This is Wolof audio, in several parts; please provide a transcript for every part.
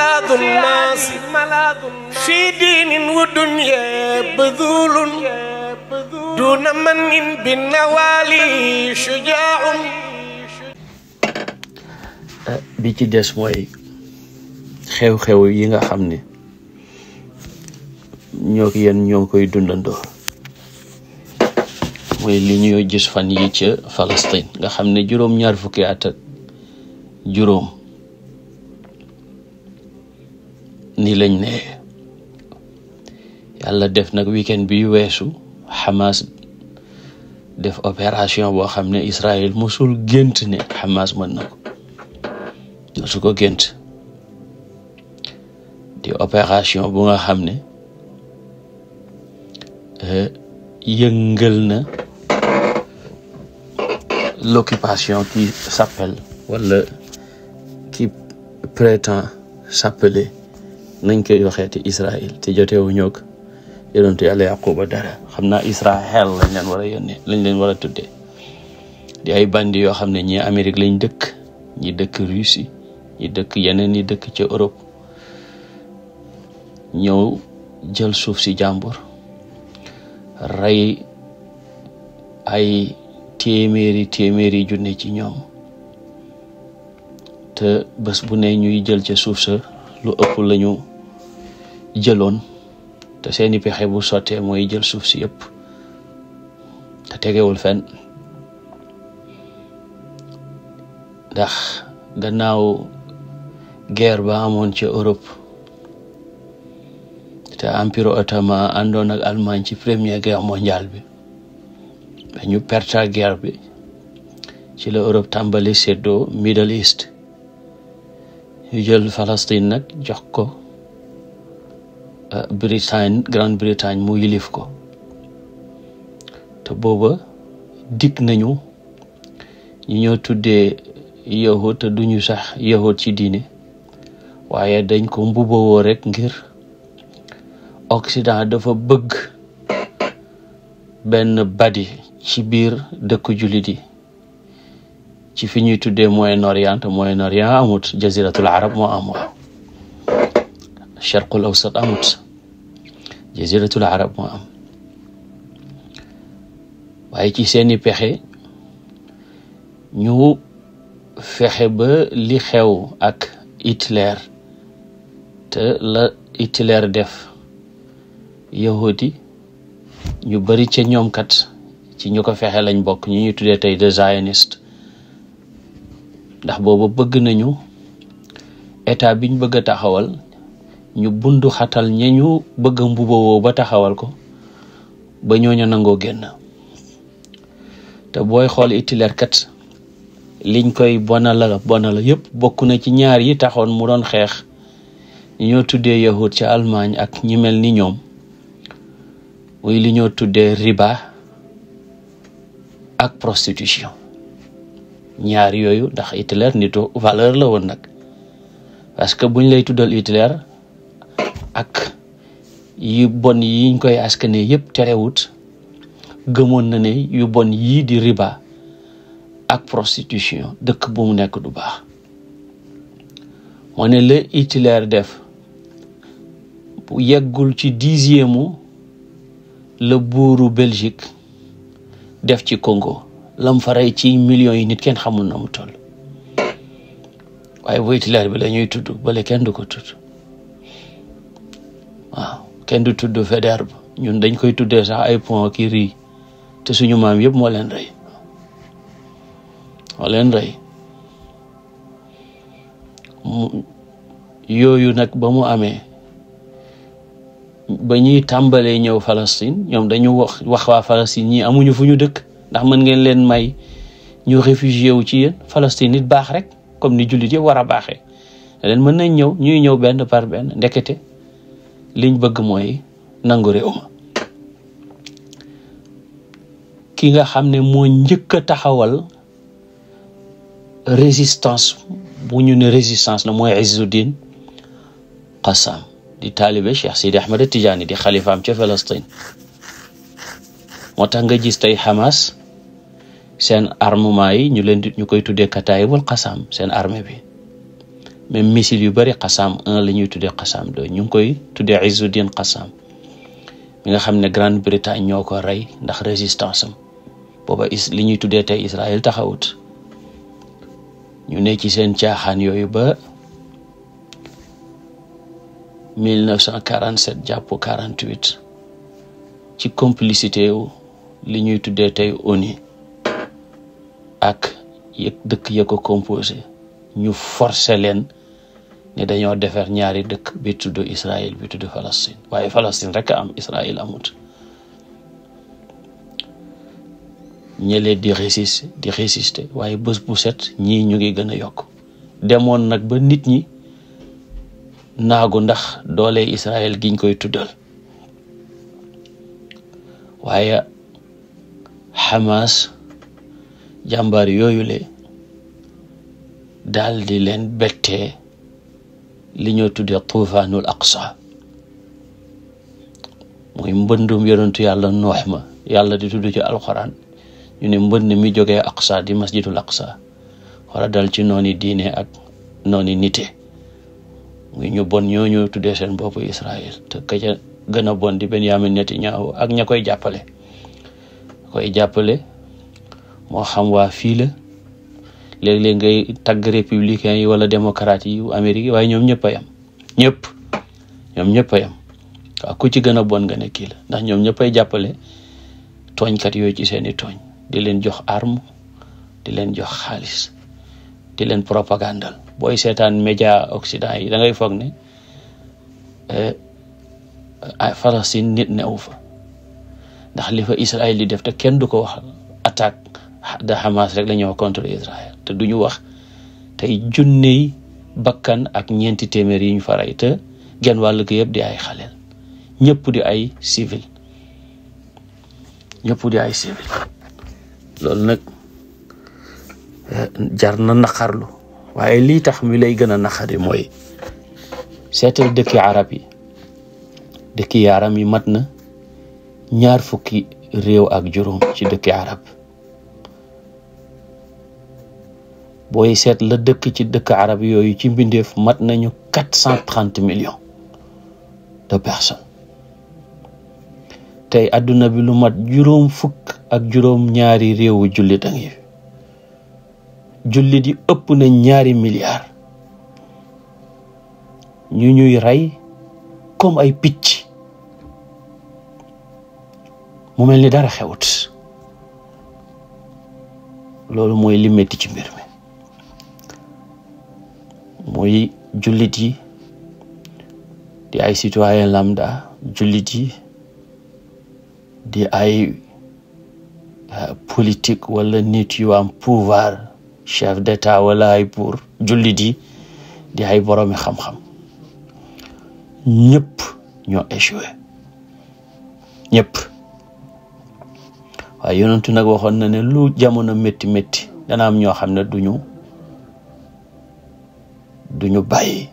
ملاذ الناس ah, bi ci des mooy xew-xew yi nga xam ne ñoo ko yéen koy dundandoo mooy li ñuy gis fan yi ca Palestine nga xam ne juróom ñaar fukki at juróom nii lañ ne yàlla def nag weekend bi weesu Hamas def opération boo xam ne Israël musul gént ne Hamas mën na ko musu ko gént di opération bu nga xam ne euh, yëngal na l'occupation qui s'appelle wala qui prétend s'appeler nañ koy waxee te Israël te jotewu ñoog yonentu yàlla Yaquba dara xam naa Israël lañ leen war a yónnee lañ leen war a tuddee ay bandi yoo xam ne ñi Amérique lañ dëkk ñi dëkk Russie ñi dëkk yeneen ñi dëkk ca Europe ñëw jël suuf si jàmbur rey ay téeméeri téeméeri junne ci ñoom te bés bu ne ñuy jël ca suuf sa lu ëpp lañu jëloon te seeni pexe bu sottee mooy jël suuf si yëpp te tegewul fenn ndax gannaaw guerre ba amoon ci Europe te ampiro ottoman àndoon ak Allemagne ci première guerre mondiale bi ñu perta guerre bi ci la Europe tàmbali séddoo Middle East ñu jël Palestine nag jox ko Bretagne Grande-Bretagne mu yilif ko te booba dikk nañu ñu ñoo tuddee yahut te duñu sax yahut ci diine waaye dañ ko mbubawoo rekk ngir Occident dafa bëgg benn badi ci biir dëkku jullit yi ci fi ñuy tuddee Moyen-Orient Moyen-Orient jaziratul arab moo am charqul awsat amut jaziratul arab moo am waaye ci seeni pexe ñu fexe ba li xew ak Hitler te la Hitler def yahudi ñu bari ca ñoom kat ci ñu ko fexe lañ bokk ñu ñu tuddee tey de zioniste ndax boobu bëgg nañu état biñ bëgg a taxawal ñu bundu xatal ña ñu bëgg a ba taxawal ko ba ñooñu nangoo génn te booy xool Hitler kat liñ koy bona la bona la yëpp bokk na ci ñaar yi taxoon mu doon xeex ñoo tuddee yahud ci Allemagne ak ñi mel ni ñoom muy li ñoo tuddee riba ak prostitution ñaar yooyu ndax Hitler nitu valeur la woon nag parce que buñ lay tuddal Hitler ak yu bon yiñ koy askane yëpp terewut gëmoon na ne yu bon yii di riba ak prostitution dëkk bu mu nekk du baax moo ne la Hitler def bu yeggul ci dixième mu la buuru Belgique def ci Congo lam faray ci million yi nit kenn xamul na mu toll waaye bu Hitler bi la tudd bale kenn du ko tudd kenn du tudd Faidherbe ñun dañ koy tuddee sax ay point ki rii te suñu maam yëpp moo leen rey moo leen rey yooyu nag ba mu amee ba ñuy tàmbalee ñëw Palestine ñoom dañu wax wax waa Palestine ñii amuñu fu ñu dëkk ndax mën ngeen leen may ñu réfugié wu ci yéen Palestine nit baax rek comme ni jullit yëpp war a baaxee leen mën nañ ñëw ñuy ñëw benn par benn ndekete liñ bëgg mooy nangu réew ma ki nga xam ne moo njëkk a taxawal résistance bu ñu ne résistance na mooy Izzuddin Qassam di taalibe Cheikh Sidi Ahmed Tidiane di xalifaam ca Palestine moo tax nga jis tey Hamas seen armement yi ñu leen di ñu koy tuddee Kataibul Qassam seen armée bi même missile yu bari xasaam un la ñuy tuddee xasaam deux ñu ngi koy tuddee Izzuddin xasaam mi nga xam ne Grande-Bretagne ñoo ko rey ndax résistance am booba is li ñuy tuddee tey Israël taxawut ñu ne ci seen caaxaan yooyu ba 1947 jàpp 48 ci complicité wu li ñuy tuddee tey ONU ak dëkk ya ko composé ñu force leen ne dañoo defar ñaari dëkk bi tudd Israël bi tudd Palestine waaye Palestine rek am Israël amut ñële di résister di résister waaye bës bu set ñii ñu ngi gën a yokk demoon nag ba nit ñi naagu ndax doole Israël giñ koy tuddal waaye Hamas jàmbaar yooyu le daal di leen bettee li ñoo tuddee tuufaanul aqsa muy mbëndum yonentu yàlla noox ma yàlla di tudd ci alxuraan ñu ne mbënd mi jógee aksa di masjidul aqsa wala dal ci nooni diine ak nooni nite muy ñu bon ñooñu tuddee seen bopp Israël te ka ca gën a bon di Benyamin Netanyahu ak ña koy jàppale koy jàppale moo xam waa fii léeg-léeg ngay tagg républicain yi wala démocrate yi Amérique waaye ñoom ñëpp ay am ñëpp ñoom ñëpp ay am waaw ku ci gën a bon nga ne kii la ndax ñoom ñëpp ay jàppale tooñkat yooyu ci seeni tooñ di leen jox arme di leen jox xaalis di leen propagandal booy seetaan média occident yi da ngay foog ne eh, Palestine nit newu fa ndax li fa Israël di def te kenn du ko wax attaque da Hamas rek la ñuy wax te duñu wax tey junney bakkan ak ñeenti téeméer yi ñu faray te genn wàll gi yëpp di ay xaleel ñëpp di ay civil ñëpp di loolu nag eh, jar na naqarlu waaye lii tax mi lay gën a naqari mooy seetal dëkki arab yi dëkki yaram yi mat na ñaar fukki réew ak juróom ci dëkki arab booy seet la dëkk ci dëkk arab yooyu ci mbindeef mat nañu quatre cent trente millions de personnes tey àdduna bi lu mat juróom fukk ak juróom ñaari réewu jullit a ngi jullit yi ëpp na ñaari milliards ñu ñuy rey comme ay picc mu mel ni dara xewut loolu mooy li metti ci mbir mi muy jullit yi di ay citoyen lambda jullit yi di ay euh, politik wala nit yu am pouvoir chef d'état wala ay buur jullit yi di ay boroomi xam-xam ñëpp ñoo échoué ñëpp waaye yonentu nag waxoon na ne lu jamono métti métti dana am ñoo xam ne duñu duñu bàyyi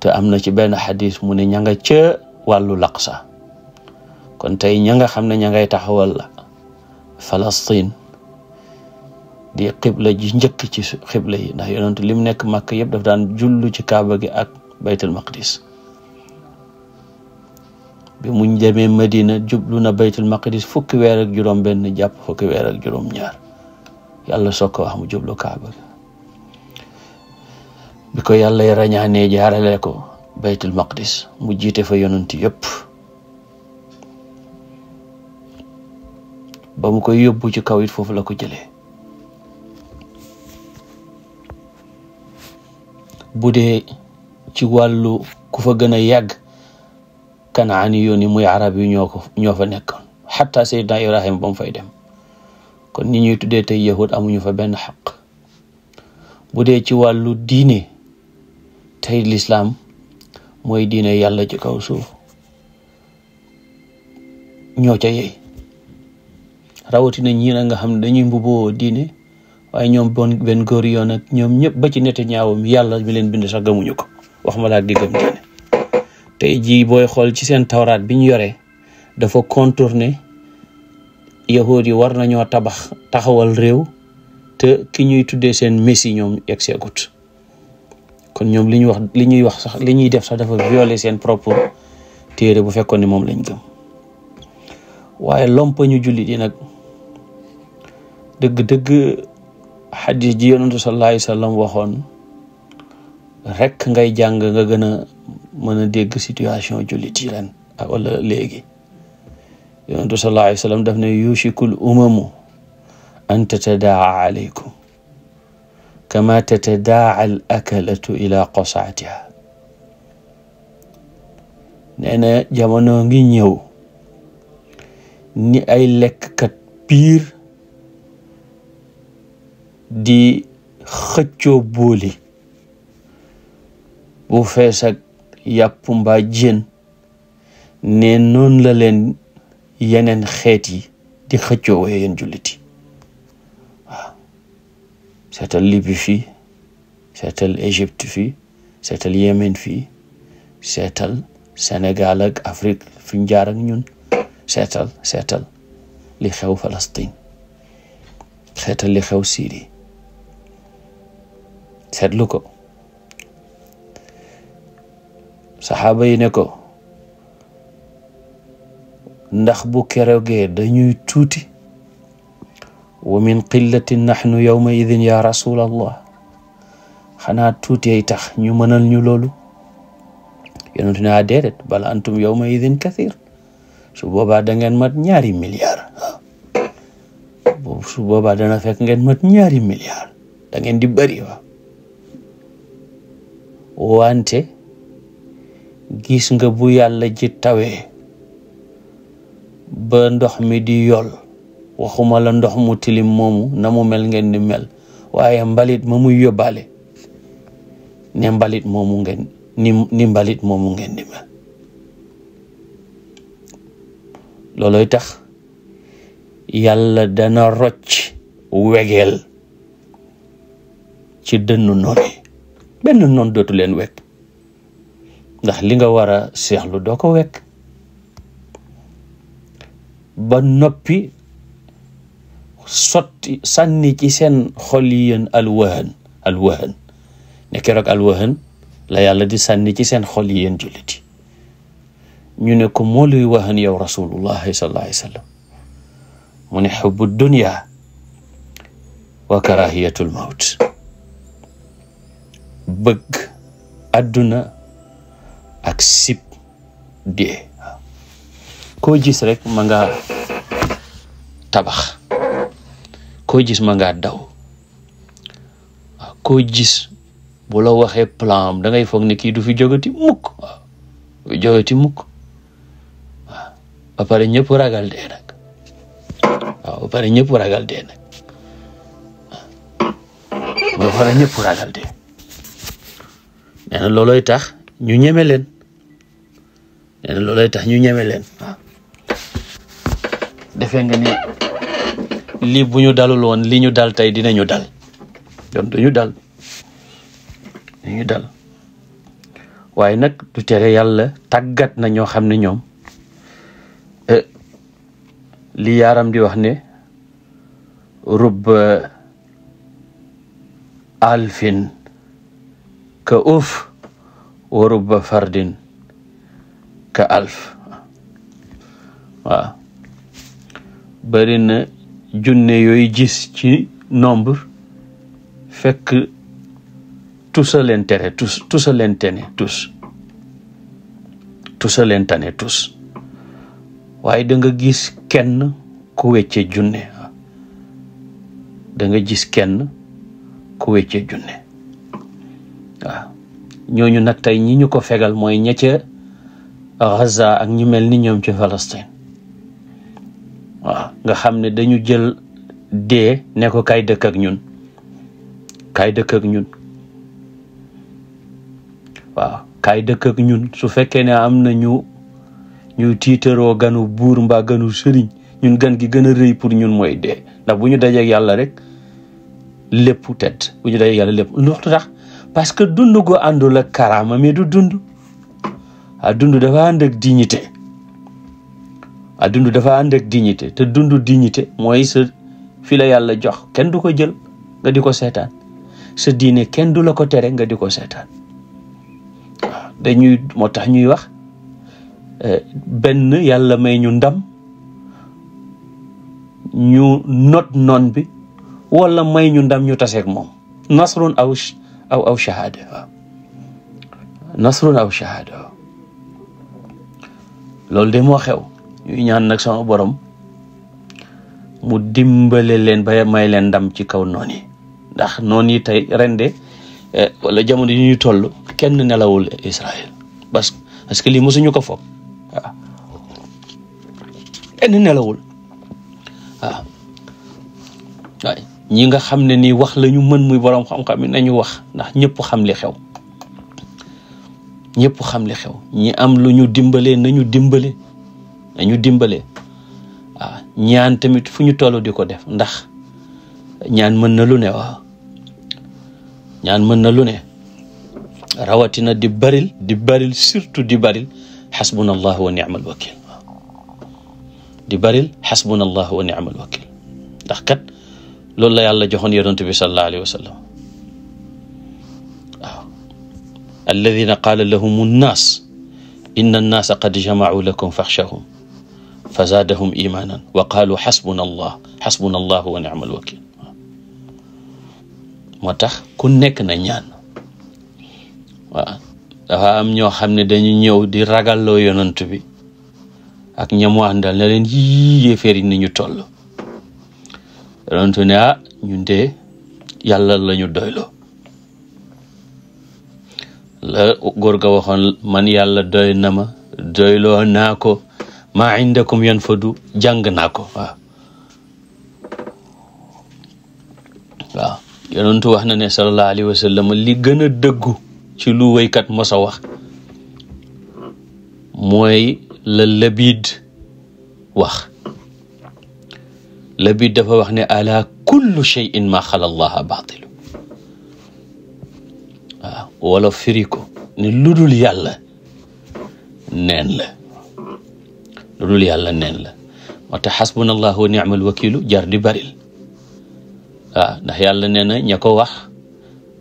te am na ci benn xadis mu ne ña nga ca wàllu laqsa kon tey ña nga xam ne ña ngay taxawal la Falastin di xibla ji njëkk ci xibla yi ndax yonentu lim nekk màkk yëpp daf daan jullu ci kaaba gi ak baytul maqdis bi muñ demee Madina jublu na baytul maqdis fukki weer ak juróom benn jàpp fukki weer ak juróom ñaar yàlla soog ko mu jublu kaaba gi bi ko yàlla rañaanee jaarale ko baytul maqdis mu jiite fa yonent yëpp ba mu koy yóbbu ci kaw it foofu la ko jële bu dee ci wàllu ku fa gën a yàgg kanaani yoon yi muy arab yi ñoo ko ñoo fa nekkoon xataa Seydina Ibrahima ba mu fay dem kon ni ñuy tuddee tey yahud amuñu fa benn xaq bu dee ci wàllu diine tey lislaam mooy diine yàlla ci kaw suuf ñoo ca yey rawatina ñii na nga xam ne dañuy mbubboo diine waaye ñoom benn góor yoon ak ñoom ñëpp ba ci nette ñaawam yàlla mi leen bind sax gamuñu ko wax ma laa di gëm diine tey jii booy xool ci seen tawraat bi ñu yore dafa contourner yahood yi war nañoo tabax taxawal réew te ki ñuy tuddee seen messi ñoom yegg kon ñoom li ñuy wax li ñuy wax sax li ñuy def sax dafa violer seen propre téere bu fekkoon ne moom lañ gëm waaye lompañu jullit yi nag dëgg-dëgg xadis ji yonentu sallallahu alayhi wasallam waxoon rek ngay jàng nga gën a mën a dégg situation jullit yi ren wala léegi yonentu sallallahu alayhi wasallam daf ne yushikul umamu an tatadaa alaykum kama tatadaaca al akalatu ila qosaatiha nee na jamono ngi ñëw ni ay lekkkat piir di xëccoo booli bu fees ak yàpp mbaa jën la leen yeneen xeet yi di xëccoo wee yeen jullit seetal Libye fii seetal Égypte fii seetal Yémen fii seetal senegalak ak Afrique fi ñu ñun seetal seetal li xew Palestine seetal li xew Syrie seetlu ko saxaaba yi ne ko ndax bu keroogee dañuy tuuti wa min qillatin nahnu yawma idin ya rasulallah xanaa tuutey tax ñu mënal ñu loolu yonentu ne ah, déedéet bal antum yawma idin kathir su boobaa da ñaari milliard su boobaa dana fekk ngeen mat ñaari milliard da di bëri waaw wante gis nga bu yàlla ji tawee ba ndox mi di yol waxuma la ndox mu tilim moomu na mu mel ngeen ni mel waaye mbalit ma muy yóbbaale ne mbalit moomu ngeen moomu ngeen di mel looloy tax yàlla dana rocc wegeel ci dënnu noon yi benn noon dootu leen wekk ndax li nga war a seexlu doo ko wekk ba noppi sotti sànni ci seen xol yi yéen alwahan alwahan ne keroog alwahan la yàlla di sànni ci seen xol yi yéen julliti ñu ne ko moo luy wahan yow rasulullah sallallahu alayhi wa sallam mu ne xubbu dunya wa karahiyatul mawt bëgg àdduna ak sib dee koo gis rek ma tabax koo jis ma ngaa daw waaw koo gis la waxee plan dangay foog ne kii du fi jógati mukk waaw mukk waaw ba pare ñëpp ragal dee nag ba pare ñëpp ragal dee nag ba tax ñu ñeme leen nee na tax ñu ñeme leen waaw defe lii bu ñu dalul woon li ñu dal tey dinañu dal donc duñu dal duñu dal waaye nag du tere yàlla tàggat na ñoo xam ne ñoom e, li yaaram di wax ne rubb e, alfin ka uuf wa rubb fardin ka alf waaw bëri junne yooyu gis ci nombre fekk tusalentere tus tusalentene tus tusalentane tus waaye danga gis kenn ku wecce junne da nga gis kenn ku wecce junne waaw ñooñu nag tey ñi ñu ko fegal mooy ña ca Gaza ak ñu mel ni ñoom ci Palestine waaw nga xam ne dañu jël dee ne kay dëkk ak ñun kay dëkk ñun waaw kay dëkk ñun su fekkee ne am na ñu ñu ganu buur mbaa ganu sëriñ ñun gan gi gën a rëy pour ñun mooy dee ndax bu ñu dajeek yàlla rek lépp tet bu ñu dajeek yàlla lépp ndoxtu tax parce que dund gu àndul ak karaama mais du dund ah, dund dafa ànd ak waa dund dafa ànd ak dignité te dund dignité mooy sa fi la yàlla jox kenn du ko jël nga di ko seetaan sa diine kenn du la ko tere nga di ko seetaan dañuy moo tax ñuy wax eh, benn yàlla may ñu ndam ñu not noon bi wala may ñu ndam ñu taseeg moom nasrun aw aw aw shahada waaw nasrun aw shahada waaw loolu de moo xew ñuy ñaan nag sama boroom mu dimbale leen ba may leen ndam ci kaw noon yi ndax noon yi tey rende eh, wala jamono yi ñu toll kenn nelawul Israël parce que parce que lii mosuñu ko foog waaw kenn nelawul waaw ñi nga xam ne nii wax lañu mën muy borom xam-xam yi nañu wax ndax ñëpp xam li xew ñépp xam li xew ñi am lu ñu dimbale nañu dimbale dañu dimbale waaw ah, ñaan tamit fu ñu toll di ko def ndax ñaan mën na lu ne ñaan mën na lu ne rawatina di baril di baril surtout di baril xasbuna allah wa niamal wakil waaw di baril xasbuna allah wa niamal ndax kat loolu la yàlla joxoon yonent bi sallallahu alayhi wa sallam waaw alladina qaala lahum nnaas inna nnaasa qad jamacuu lakum fa zaadahum imaanan wa qaalu xasbuna allah wa ni'mal wakiil moo tax ku nekk na ñoo xam ne dañu ñëw di ragalloo yonant bi ak ñamu na leen yii yéeféer yi ni ñu toll yonantu ne ah ñun de yàlla lañu ñu doyloo la góor waxoon man yàlla doy na ma doyloo naa ko ma indakum yanfadu jàng naa ko waaw waaw wax na ne sallallahu alayhi wa li gën a dëggu ci lu waykat mos a wax mooy la Labiid wax Labiid dafa wax ne ala kullu shay'in ma xala allaha baatilu wala firi ko ne ludul yàlla neen la lu dul yàlla neen la moo tax xasbunallahu wa ni'mal wakilu jar di baril waaw ndax yàlla nee na ña ko wax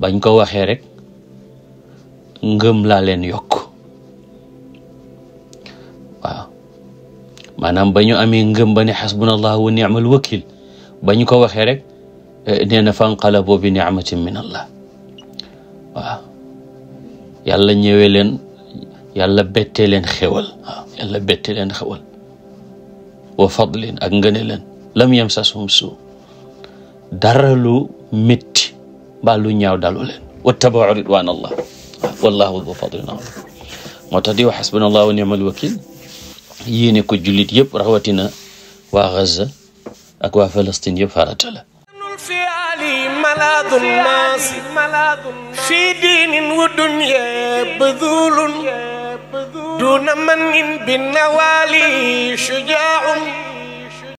bañ ko waxee rek ngëm laa leen yokk waaw maanaam bañu amee ngëm ba ne xasbunallahu wa ni'mal wakil bañ ko waxee rek eh, nee na fanqalabu bi ni'matin min allah waaw yàlla ñëwee leen yàlla bettee leen xewal waaw leen xewal wa fadlin ak ngëne leen lam yem sasum suu dara lu métti mbaa lu ñaaw dalu leen wattabau ridwan allah wallahu du fadlin alim moo tax di wax xasbunallah wa nimal wakil yéene ko jullit yëpp rawatina waa Gaza ak waa Palestine yëpp farata la ملاذ الناس في دين ودنيا بذول دون من بالنوالي شجاع